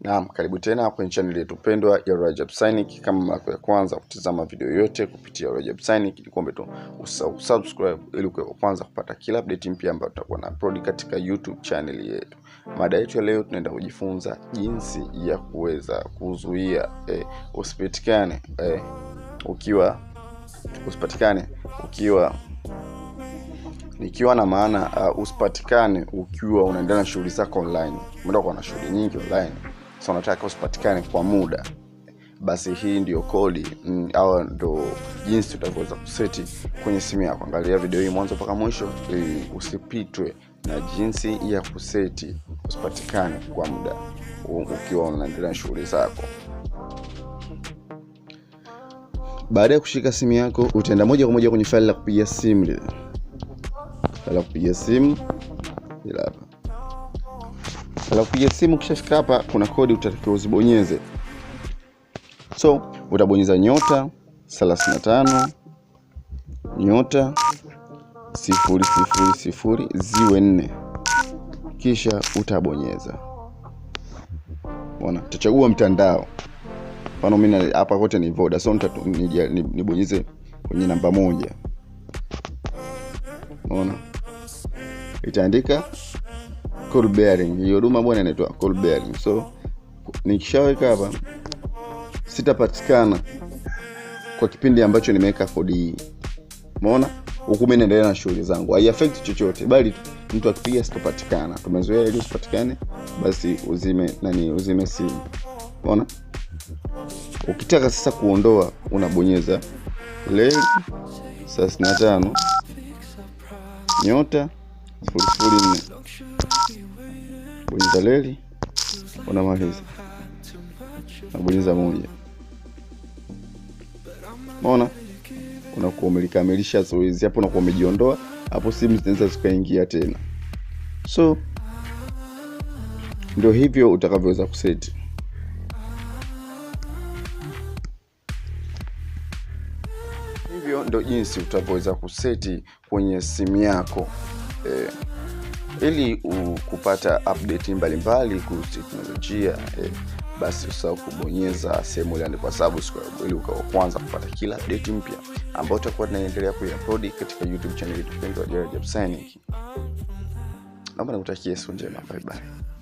Naam, karibu tena kwenye channel yetu pendwa ya Rajab Synic. Kama mara ya kwanza kutizama video yote kupitia Rajab Synic, ni kuombe tu usahau subscribe ili kwa kwanza kupata kila update mpya ambayo tutakuwa na upload katika YouTube channel yetu. Mada yetu ya leo tunaenda kujifunza jinsi ya kuweza kuzuia eh, usipatikane eh, ukiwa usipatikane ukiwa nikiwa na maana uh, usipatikane ukiwa unaendelea na shughuli zako online. Umeenda kuwa na shughuli nyingi online so unataka usipatikane kwa muda basi hii ndio kodi mm, au ndo jinsi utakuweza kuseti kwenye simu yako angalia video hii mwanzo mpaka mwisho ili usipitwe na jinsi ya kuseti usipatikane kwa muda ukiwa unaendelea shughuli zako baada ya kushika simu yako utaenda moja kwa moja kwenye faili la kupigia simu lile la kupigia simu ila hapa Utakupigia simu, ukishafika hapa kuna kodi utatakiwa uzibonyeze. So utabonyeza nyota 35 nyota sifuri sifuri sifuri ziwe nne, kisha utabonyeza. Ona, utachagua mtandao. Mfano mimi hapa kote ni Voda, so nibonyeze kwenye namba moja. Ona, itaandika hiyoduma bwana inaitwa so nikishaweka hapa sitapatikana kwa kipindi ambacho nimeweka kodi hii umeona huku mi naendelea na shughuli zangu haiafekti chochote bali mtu akipiga sitopatikana tumezoea ili usipatikane basi uzime nani uzime simu mona ukitaka sasa kuondoa unabonyeza leli thelathini na tano nyota sifuri nne, bonyeza leli, unamaliza unabonyeza moja. Umeona, unakuwa umelikamilisha zoezi hapo, unakuwa umejiondoa hapo, simu zinaweza zikaingia tena. So ndio hivyo utakavyoweza kuseti. Hivyo ndio jinsi utavyoweza kuseti kwenye simu yako eh, ili kupata update mbalimbali kuhusu teknolojia eh, basi usahau kubonyeza sehemu iliyoandikwa subscribe ili ukawa kwanza kupata kila update mpya ambayo tutakuwa tunaendelea kuiupload katika YouTube channel yetu pendwa Jaraja Naomba nikutakie siku njema, bye bye.